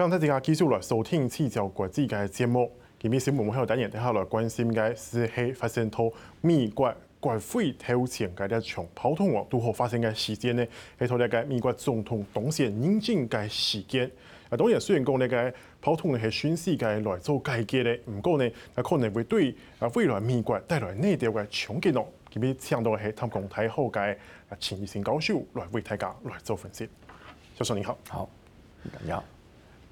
歡迎大家繼續來收聽《天朝國際》嘅節目，今日新聞喺度等人，等下來關心嘅事係發生喺美國國會山莊嘅一場槍通案都何發生嘅事件咧？喺頭嚟嘅美國總統當選認證嘅事件，啊，當然雖然講呢個普通咧係全世界來做改革咧，唔過咧，啊可能會對啊未來美國帶來內地嘅衝擊咯。今日請到嘅係淡江大學嘅啊陳一新教授來為大家來做分析。教授你好。好，你好。